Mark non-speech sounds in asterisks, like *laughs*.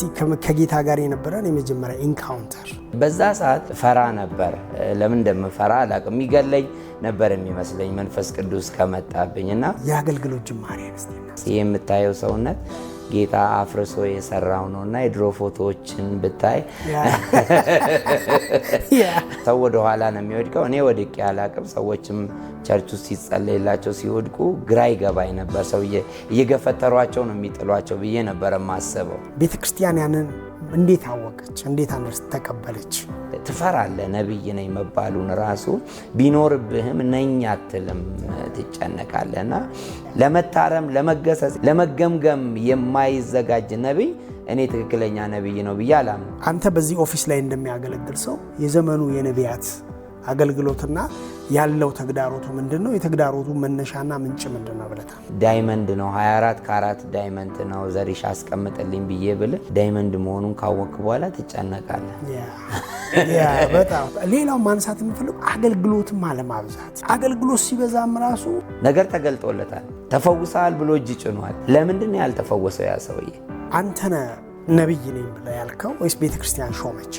ከዚህ ከጌታ ጋር የነበረን የመጀመሪያ ኢንካውንተር በዛ ሰዓት ፈራ ነበር። ለምን እንደምፈራ አላውቅም። የሚገለኝ ነበር የሚመስለኝ መንፈስ ቅዱስ ከመጣብኝ እና የአገልግሎት ጅማሬ የምታየው ሰውነት ጌጣ አፍርሶ የሰራው ነው እና የድሮ ፎቶዎችን ብታይ *laughs* ሰው ወደኋላ ነው የሚወድቀው። እኔ ወድቄ አላቅም። ሰዎችም ቸርች ውስጥ ሲጸለይላቸው ሲወድቁ ግራ ይገባኝ ነበር። ሰው እየገፈተሯቸው ነው የሚጥሏቸው ብዬ ነበር የማስበው ቤተክርስቲያን ያንን እንዴት አወቀች? እንዴት አንደርስ ተቀበለች? ትፈራለህ ነቢይ ነኝ መባሉን ራሱ ቢኖርብህም ነኝ አትልም፣ ትጨነቃለህ። እና ለመታረም፣ ለመገሰጽ፣ ለመገምገም የማይዘጋጅ ነቢይ እኔ ትክክለኛ ነቢይ ነው ብዬ አላምንም። አንተ በዚህ ኦፊስ ላይ እንደሚያገለግል ሰው የዘመኑ የነቢያት አገልግሎትና ያለው ተግዳሮቱ ምንድን ነው? የተግዳሮቱ መነሻና ምንጭ ምንድን ነው ብለታል። ዳይመንድ ነው 24 ካራት ዳይመንድ ነው ዘሪሽ አስቀምጥልኝ ብዬ ብል ዳይመንድ መሆኑን ካወቅ በኋላ ትጨነቃለህ። በጣም ሌላው ማንሳት የምፈልገው አገልግሎትም አለማብዛት። አገልግሎት ሲበዛም ራሱ ነገር ተገልጦለታል፣ ተፈውሰሃል ብሎ እጅ ጭኗል። ለምንድን ነው ያልተፈወሰው ያ ሰውዬ? አንተነ ነቢይ ነኝ ብለህ ያልከው ወይስ ቤተክርስቲያን ሾመች?